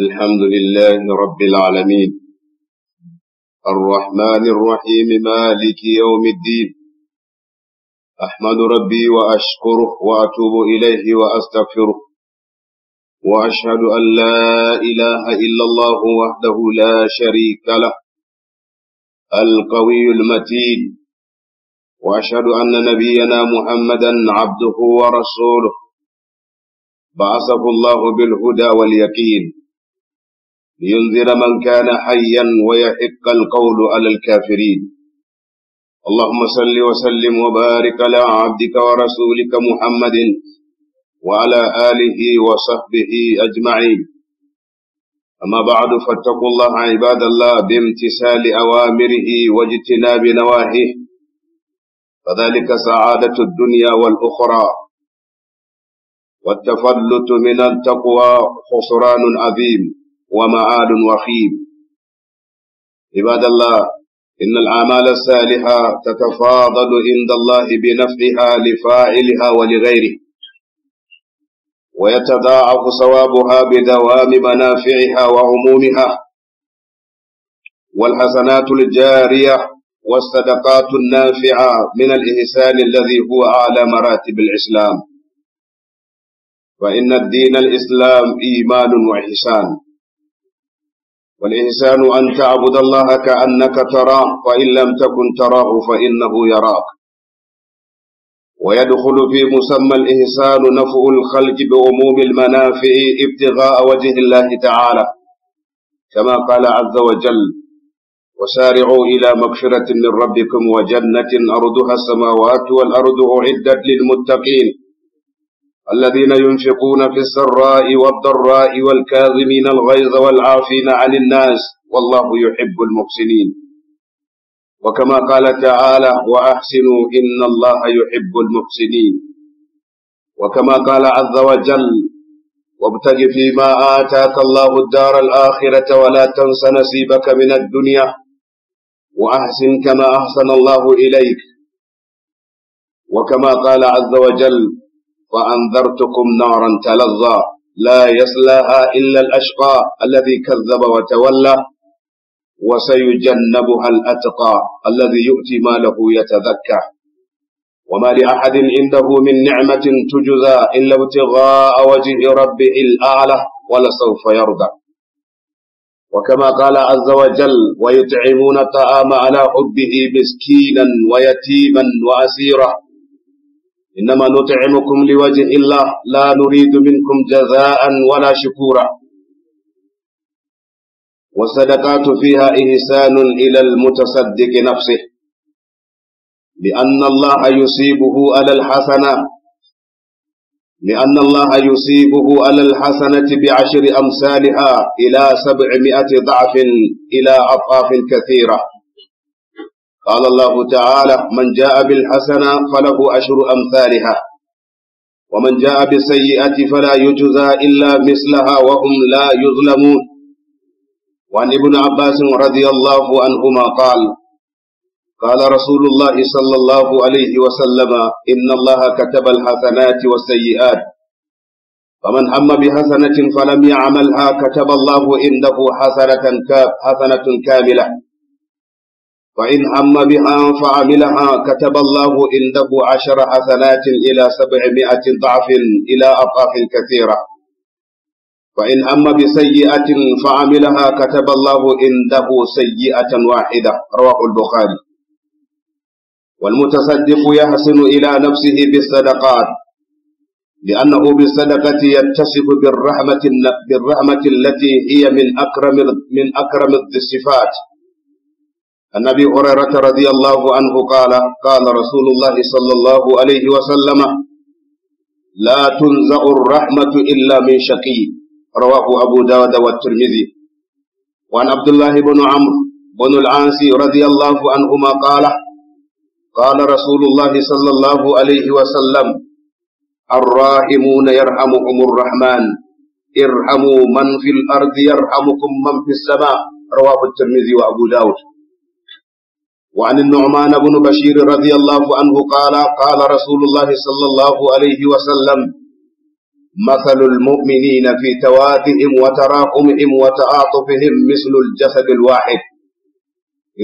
الحمد لله رب العالمين الرحمن الرحيم مالك يوم الدين أحمد ربي وأشكره وأتوب إليه وأستغفره وأشهد أن لا إله إلا الله وحده لا شريك له القوي المتين وأشهد أن نبينا محمدا عبده ورسوله بعثه الله بالهدى واليقين لينذر من كان حيا ويحق القول على الكافرين اللهم صل وسلم وبارك على عبدك ورسولك محمد وعلى آله وصحبه أجمعين أما بعد فاتقوا الله عباد الله بامتثال أوامره واجتناب نواهيه فذلك سعادة الدنيا والأخرى والتفلت من التقوى خسران عظيم ومعاد وخيم عباد الله إن الأعمال الصالحة تتفاضل عند الله بنفعها لفاعلها ولغيره ويتضاعف صوابها بدوام منافعها وعمومها والحسنات الجارية والصدقات النافعة من الإحسان الذي هو أعلى مراتب الإسلام فإن الدين الإسلام إيمان وإحسان والإنسان أن تعبد الله كأنك تراه فإن لم تكن تراه فإنه يراك ويدخل في مسمى الإحسان نفع الخلق بعموم المنافع ابتغاء وجه الله تعالى كما قال عز وجل وسارعوا إلى مغفرة من ربكم وجنة أرضها السماوات والأرض أعدت للمتقين الذين ينفقون في السراء والضراء والكاظمين الغيظ والعافين عن الناس والله يحب المحسنين وكما قال تعالى وأحسنوا إن الله يحب المحسنين وكما قال عز وجل وابتغ فيما آتاك الله الدار الآخرة ولا تنس نصيبك من الدنيا وأحسن كما أحسن الله إليك وكما قال عز وجل وأنذرتكم نارا تلظى لا يصلاها إلا الأشقى الذي كذب وتولى وسيجنبها الأتقى الذي يؤتي ماله يتذكى وما لأحد عنده من نعمة تجزى إلا ابتغاء وجه ربه الأعلى ولسوف يرضى وكما قال عز وجل ويطعمون الطعام على حبه مسكينا ويتيما وأسيرا إنما نطعمكم لوجه الله لا نريد منكم جزاء ولا شكورا والصدقات فيها إحسان إلى المتصدق نفسه لأن الله يصيبه على الحسنة لأن الله يصيبه على الحسنة بعشر أمثالها إلى سبعمائة ضعف إلى أضعاف كثيرة قال الله تعالى من جاء بالحسنة فله أشر أمثالها ومن جاء بالسيئة فلا يجزى إلا مثلها وهم لا يظلمون وعن ابن عباس رضي الله عنهما قال قال رسول الله صلى الله عليه وسلم إن الله كتب الحسنات والسيئات فمن هم بحسنة فلم يعملها كتب الله عنده حسنة كاملة فإن هم بها فعملها كتب الله عنده عشر حسنات إلى سبعمائة ضعف إلى أضعاف كثيرة وإن هم بسيئة فعملها كتب الله عنده سيئة واحدة رواه البخاري والمتصدق يحسن إلى نفسه بالصدقات لأنه بالصدقة يتصف بالرحمة بالرحمة التي هي من أكرم من أكرم الصفات عن ابي هريره رضي الله عنه قال قال رسول الله صلى الله عليه وسلم لا تنزع الرحمه الا من شقي رواه ابو داود والترمذي وعن عبد الله بن عمرو بن العاص رضي الله عنهما قال قال رسول الله صلى الله عليه وسلم الراحمون يرحمهم الرحمن ارحموا من في الارض يرحمكم من في السماء رواه الترمذي وابو داود وعن النعمان بن بشير رضي الله عنه قال قال رسول الله صلى الله عليه وسلم مثل المؤمنين في توادهم وتراقمهم وتعاطفهم مثل الجسد الواحد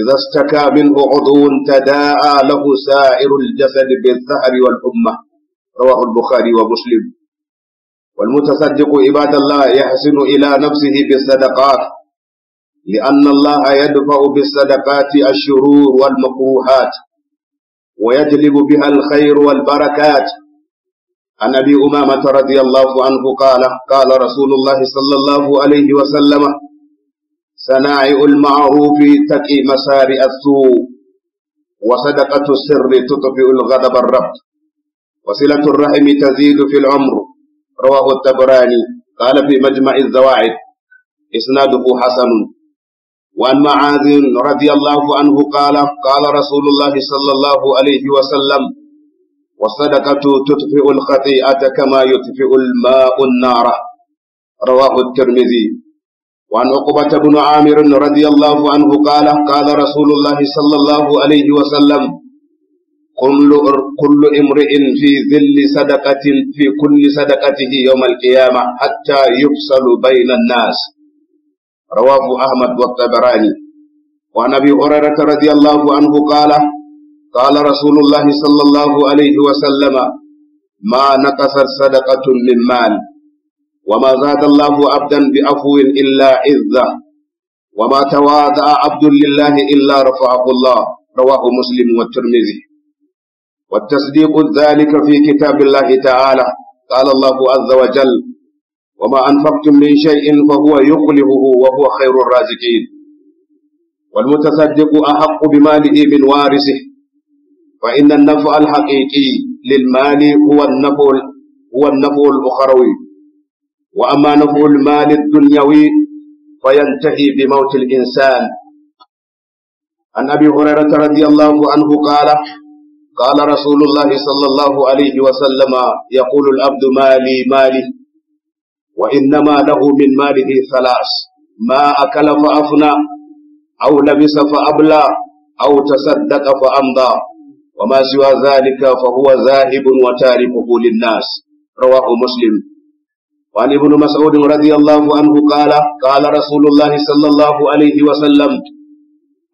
إذا استكى منه عضو تداعى له سائر الجسد بالذهب والحمى رواه البخاري ومسلم والمتصدق عباد الله يحسن إلى نفسه بالصدقات لأن الله يدفع بالصدقات الشرور والمكروهات ويجلب بها الخير والبركات عن أبي أمامة رضي الله عنه قال قال رسول الله صلى الله عليه وسلم صناعي المعروف تقي مسار السوء وصدقة السر تطفئ الغضب الرب وصلة الرحم تزيد في العمر رواه التبراني قال في مجمع الزواعد إسناده حسن وعن معاذ رضي الله عنه قال قال رسول الله صلى الله عليه وسلم والصدقة تطفئ الخطيئة كما يطفئ الماء النار رواه الترمذي وعن عقبة بن عامر رضي الله عنه قال قال رسول الله صلى الله عليه وسلم كل كل امرئ في ذل صدقة في كل صدقته يوم القيامة حتى يفصل بين الناس رواه أحمد والطبراني وعن أبي هريرة رضي الله عنه قال قال رسول الله صلى الله عليه وسلم ما نقصت صدقة من مال وما زاد الله عبدا بعفو إلا عزة وما تواضع عبد لله إلا رفعه الله رواه مسلم والترمذي والتصديق ذلك في كتاب الله تعالى قال الله عز وجل وما أنفقتم من شيء فهو يقلبه وهو خير الرازقين والمتصدق أحق بماله من وارثه فإن النفع الحقيقي للمال هو النفع هو النفع الأخروي وأما نفع المال الدنيوي فينتهي بموت الإنسان عن أبي هريرة رضي الله عنه قال قال رسول الله صلى الله عليه وسلم يقول العبد مالي مالي وإنما له من ماله ثلاث ما أكل فأفنى أو لبس فأبلى أو تصدق فأمضى وما سوى ذلك فهو ذاهب وتاركه للناس رواه مسلم وعن ابن مسعود رضي الله عنه قال قال رسول الله صلى الله عليه وسلم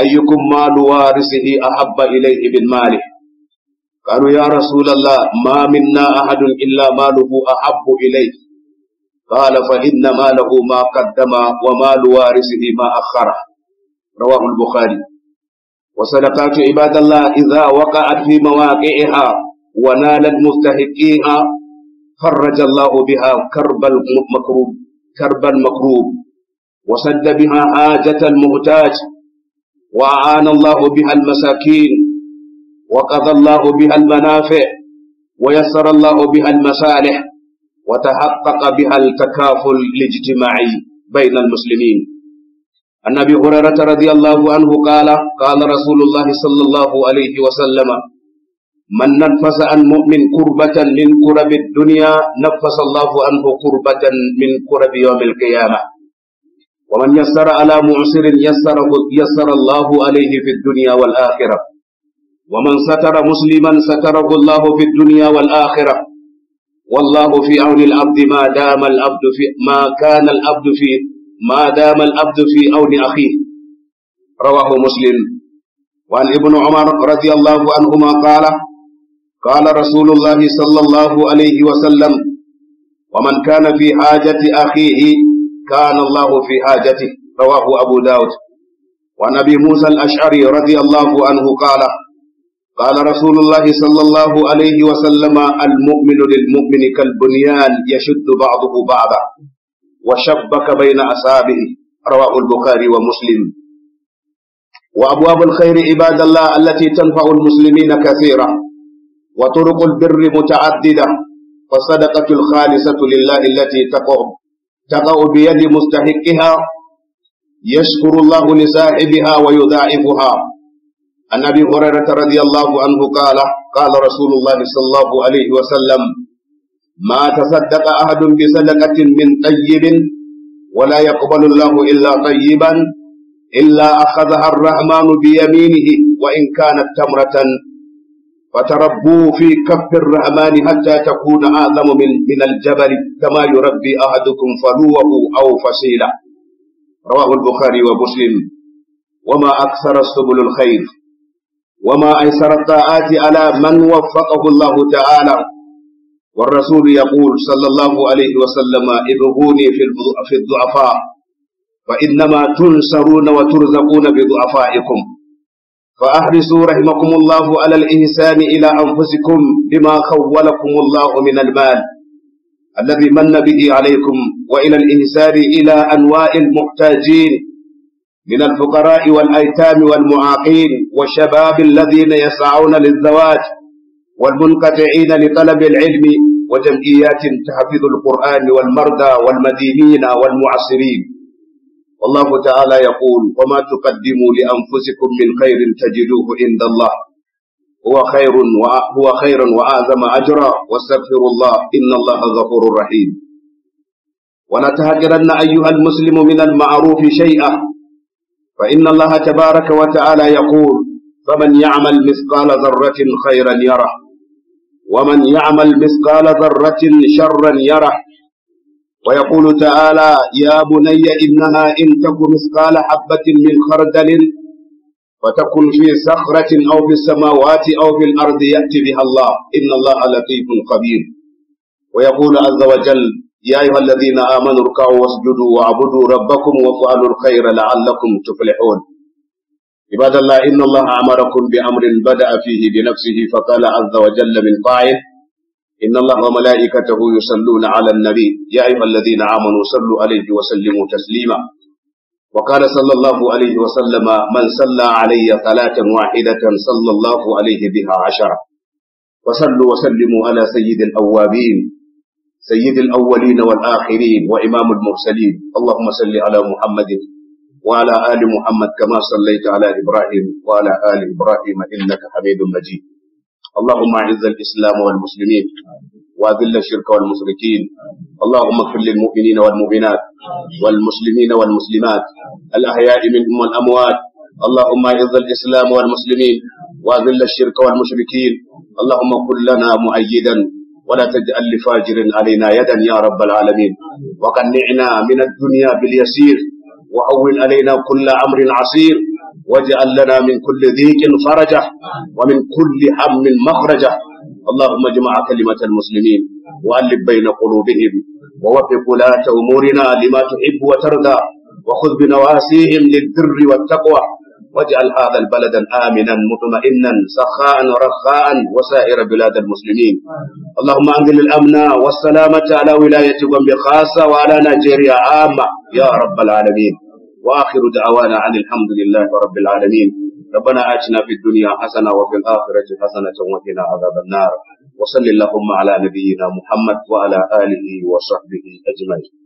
أيكم مال وارثه أحب إليه من ماله قالوا يا رسول الله ما منا أحد إلا ماله أحب إليه قال فإن ماله ما قدم ومال وارثه ما أخره رواه البخاري وصدقات عباد الله إذا وقعت في مواقعها ونالت مستحقيها فرج الله بها كرب المكروب كرب المكروب وسد بها حاجة المحتاج وأعان الله بها المساكين وقضى الله بها المنافع ويسر الله بها المصالح وتحقق بها التكافل الاجتماعي بين المسلمين عن ابي هريره رضي الله عنه قال قال رسول الله صلى الله عليه وسلم من نفس عن مؤمن كربة من كرب الدنيا نفس الله عنه كربة من كرب يوم القيامة ومن يسر على معسر يسر يسر الله عليه في الدنيا والآخرة ومن ستر مسلما ستره الله في الدنيا والآخرة والله في عون العبد ما دام العبد في ما كان العبد في ما دام العبد في عون أخيه رواه مسلم وعن ابن عمر رضي الله عنهما قال قال رسول الله صلى الله عليه وسلم ومن كان في حاجة أخيه كان الله في حاجته رواه أبو داود وعن أبي موسى الأشعري رضي الله عنه قال قال رسول الله صلى الله عليه وسلم المؤمن للمؤمن كالبنيان يشد بعضه بعضا وشبك بين أصابه رواه البخاري ومسلم وأبواب الخير عباد الله التي تنفع المسلمين كثيرة وطرق البر متعددة فالصدقة الخالصة لله التي تقع تقع بيد مستحقها يشكر الله لصاحبها ويضاعفها عن ابي هريره رضي الله عنه قال قال رسول الله صلى الله عليه وسلم ما تصدق احد بصدقه من طيب ولا يقبل الله الا طيبا الا اخذها الرحمن بيمينه وان كانت تمره فتربوا في كف الرحمن حتى تكون اعظم من من الجبل كما يربي احدكم فلوه او فصيله رواه البخاري ومسلم وما اكثر السبل الخير وما أيسر الطاعات على من وفقه الله تعالى والرسول يقول صلى الله عليه وسلم ابغوني في الضعفاء فإنما تنصرون وترزقون بضعفائكم فأحرصوا رحمكم الله على الإحسان إلى أنفسكم بما خولكم الله من المال الذي من به عليكم وإلى الإحسان إلى أنواع المحتاجين من الفقراء والأيتام والمعاقين والشباب الذين يسعون للزواج والمنقطعين لطلب العلم وجمعيات تحفظ القرآن والمرضى والمدينين والمعصرين والله تعالى يقول وما تقدموا لأنفسكم من خير تجدوه عند الله هو خير هو خير وأعظم أجرا واستغفر الله إن الله غفور رحيم ولا تهجرن أيها المسلم من المعروف شيئا فإن الله تبارك وتعالى يقول فمن يعمل مثقال ذرة خيرا يره ومن يعمل مثقال ذرة شرا يره ويقول تعالى يا بني إنها إن تك مثقال حبة من خردل فتكن في صخرة أو في السماوات أو في الأرض يأتي بها الله إن الله لطيف خبير ويقول عز وجل يا أيها الذين آمنوا اركعوا واسجدوا واعبدوا ربكم وفعلوا الخير لعلكم تفلحون عباد الله إن الله أمركم بأمر بدأ فيه بنفسه فقال عز وجل من قائل إن الله وملائكته يصلون على النبي يا أيها الذين آمنوا صلوا عليه وسلموا تسليما وقال صلى الله عليه وسلم من صلى علي صلاة واحدة صلى الله عليه بها عشرة وصلوا وسلموا على سيد الأوابين سيد الأولين والآخرين وإمام المرسلين اللهم صل على محمد وعلى آل محمد كما صليت على إبراهيم وعلى آل إبراهيم إنك حميد مجيد اللهم أعز الإسلام والمسلمين وأذل الشرك والمشركين اللهم اغفر للمؤمنين والمؤمنات والمسلمين والمسلمات الأحياء منهم والأموات اللهم أعز الإسلام والمسلمين وأذل الشرك والمشركين اللهم كن لنا مؤيدا ولا تجعل لفاجر علينا يدا يا رب العالمين وقنعنا من الدنيا باليسير وأول علينا كل أمر عسير واجعل لنا من كل ذيك فرجة ومن كل هم مخرجة اللهم اجمع كلمة المسلمين وألف بين قلوبهم ووفق ولاة أمورنا لما تحب وترضى وخذ بنواسيهم للبر والتقوى واجعل هذا البلد آمنا مطمئنا سخاء رخاء وسائر بلاد المسلمين اللهم أنزل الأمن والسلامة على ولاية غمبي خاصة وعلى نيجيريا عامة يا رب العالمين وآخر دعوانا عن الحمد لله رب العالمين ربنا آتنا في الدنيا حسنة وفي الآخرة حسنة وقنا عذاب النار وصل اللهم على نبينا محمد وعلى آله وصحبه أجمعين